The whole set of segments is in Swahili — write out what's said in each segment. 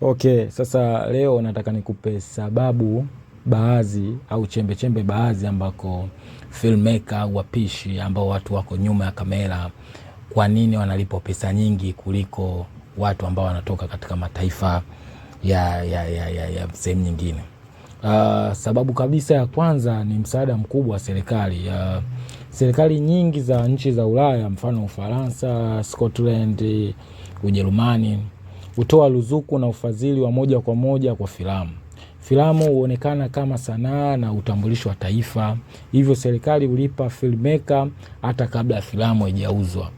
Okay, sasa leo nataka nikupe sababu baadhi au chembe chembe baadhi ambako filmmaker au wapishi ambao watu wako nyuma ya kamera, kwa nini wanalipwa pesa nyingi kuliko watu ambao wanatoka katika mataifa ya, ya, ya, ya, ya sehemu nyingine. Uh, sababu kabisa ya kwanza ni msaada mkubwa wa serikali. Uh, serikali nyingi za nchi za Ulaya, mfano Ufaransa, Scotland, Ujerumani hutoa ruzuku na ufadhili wa moja kwa moja kwa filamu. Filamu huonekana kama sanaa na utambulisho wa taifa, hivyo serikali hulipa filmmaker hata kabla ya filamu haijauzwa.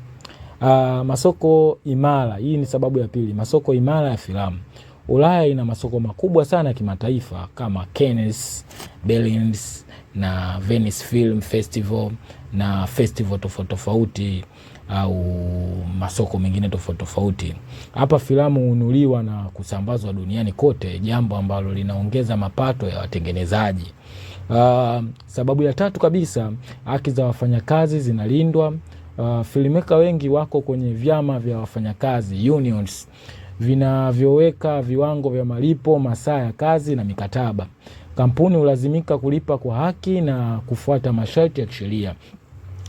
Uh, masoko imara. Hii ni sababu ya pili, masoko imara ya filamu. Ulaya ina masoko makubwa sana ya kimataifa kama Cannes, Berlin na Venice Film Festival na festival tofauti tofauti au masoko mengine tofauti tofauti. Hapa filamu hununuliwa na kusambazwa duniani kote, jambo ambalo linaongeza mapato ya watengenezaji. Uh, sababu ya tatu kabisa, haki za wafanyakazi zinalindwa. Uh, filmmaker wengi wako kwenye vyama vya wafanyakazi unions vinavyoweka viwango vya malipo, masaa ya kazi na mikataba. Kampuni hulazimika kulipa kwa haki na kufuata masharti ya kisheria.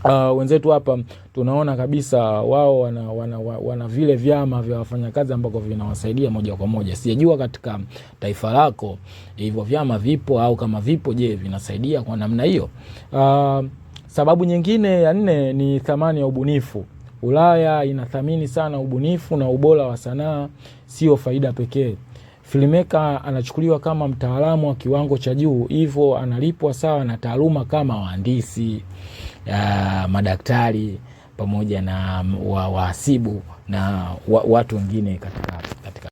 Uh, wenzetu hapa tunaona kabisa wao wana, wana, wana vile vyama vya wafanyakazi ambavyo vinawasaidia moja kwa moja. Sijajua katika taifa lako hivyo vyama vipo au kama vipo, je, vinasaidia kwa namna hiyo? Uh, sababu nyingine ya nne ni thamani ya ubunifu. Ulaya inathamini sana ubunifu na ubora wa sanaa, sio faida pekee. Filmeka anachukuliwa kama mtaalamu wa kiwango cha juu, hivyo analipwa sawa na taaluma kama wahandisi uh, madaktari pamoja na wahasibu na wa, watu wengine katika